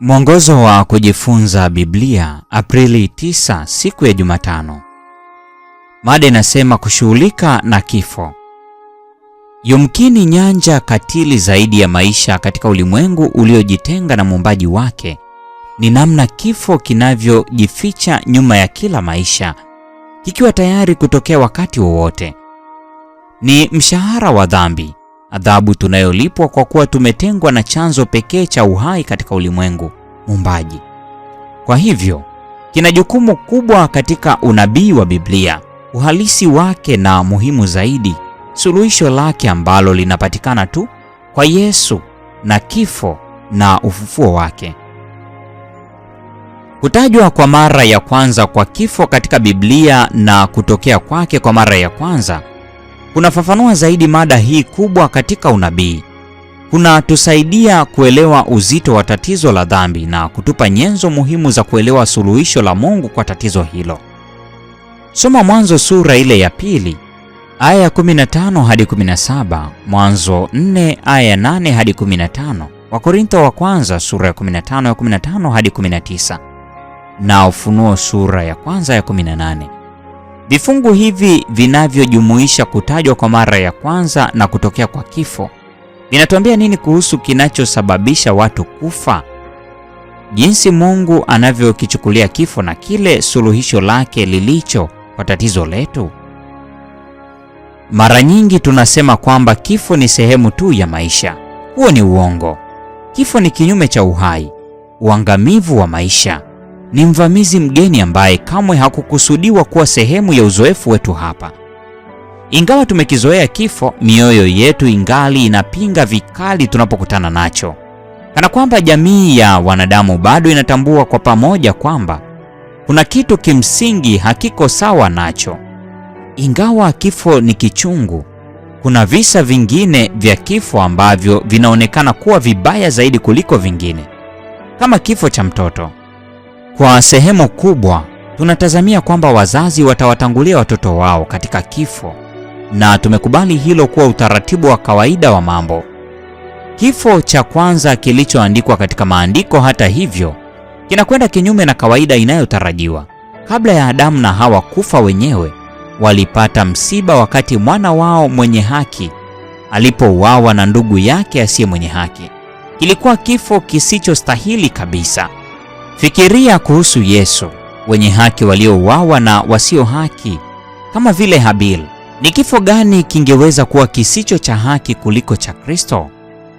Mwongozo wa kujifunza Biblia, Aprili 9, siku ya Jumatano. Mada inasema kushughulika na kifo. Yumkini nyanja katili zaidi ya maisha katika ulimwengu uliojitenga na muumbaji wake ni namna kifo kinavyojificha nyuma ya kila maisha, kikiwa tayari kutokea wakati wowote. Ni mshahara wa dhambi, adhabu tunayolipwa kwa kuwa tumetengwa na chanzo pekee cha uhai katika ulimwengu, Muumbaji. Kwa hivyo kina jukumu kubwa katika unabii wa Biblia, uhalisi wake na muhimu zaidi, suluhisho lake ambalo linapatikana tu kwa Yesu na kifo na ufufuo wake. Kutajwa kwa mara ya kwanza kwa kifo katika Biblia na kutokea kwake kwa mara ya kwanza kunafafanua zaidi mada hii kubwa katika unabii, kunatusaidia kuelewa uzito wa tatizo la dhambi na kutupa nyenzo muhimu za kuelewa suluhisho la Mungu kwa tatizo hilo. Soma Mwanzo sura ile ya pili aya ya 15 hadi 17, Mwanzo 4 aya ya 8 hadi 15, Wakorintho wa kwanza sura ya 15 ya 15 hadi 19 na Ufunuo sura ya kwanza ya 18. Vifungu hivi vinavyojumuisha kutajwa kwa mara ya kwanza na kutokea kwa kifo vinatuambia nini kuhusu kinachosababisha watu kufa, jinsi Mungu anavyokichukulia kifo na kile suluhisho lake lilicho kwa tatizo letu? Mara nyingi tunasema kwamba kifo ni sehemu tu ya maisha. Huo ni uongo. Kifo ni kinyume cha uhai, uangamivu wa maisha ni mvamizi mgeni ambaye kamwe hakukusudiwa kuwa sehemu ya uzoefu wetu hapa. Ingawa tumekizoea kifo, mioyo yetu ingali inapinga vikali tunapokutana nacho, kana kwamba jamii ya wanadamu bado inatambua kwa pamoja kwamba kuna kitu kimsingi hakiko sawa nacho. Ingawa kifo ni kichungu, kuna visa vingine vya kifo ambavyo vinaonekana kuwa vibaya zaidi kuliko vingine, kama kifo cha mtoto. Kwa sehemu kubwa tunatazamia kwamba wazazi watawatangulia watoto wao katika kifo na tumekubali hilo kuwa utaratibu wa kawaida wa mambo. Kifo cha kwanza kilichoandikwa katika maandiko, hata hivyo, kinakwenda kinyume na kawaida inayotarajiwa. Kabla ya Adamu na Hawa kufa wenyewe, walipata msiba wakati mwana wao mwenye haki alipouawa na ndugu yake asiye mwenye haki. Kilikuwa kifo kisichostahili kabisa. Fikiria kuhusu Yesu, wenye haki waliouawa na wasio haki, kama vile Habil. Ni kifo gani kingeweza kuwa kisicho cha haki kuliko cha Kristo?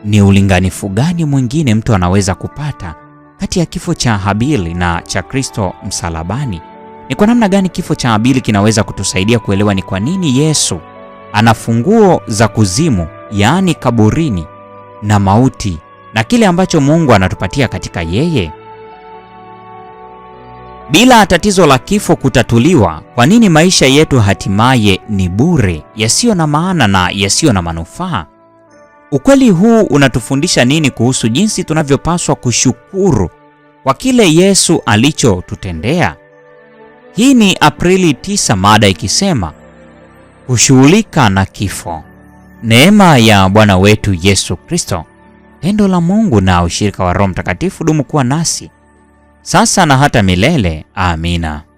Ni ulinganifu gani mwingine mtu anaweza kupata kati ya kifo cha Habili na cha Kristo msalabani? Ni kwa namna gani kifo cha Habili kinaweza kutusaidia kuelewa ni kwa nini Yesu ana funguo za kuzimu, yaani kaburini na mauti, na kile ambacho Mungu anatupatia katika yeye? Bila tatizo la kifo kutatuliwa, kwa nini maisha yetu hatimaye ni bure, yasiyo na maana na yasiyo na manufaa? Ukweli huu unatufundisha nini kuhusu jinsi tunavyopaswa kushukuru kwa kile Yesu alichotutendea? Hii ni Aprili 9, mada ikisema kushughulika na kifo. Neema ya Bwana wetu Yesu Kristo, pendo la Mungu na ushirika wa Roho Mtakatifu dumu kuwa nasi sasa na hata milele. Amina.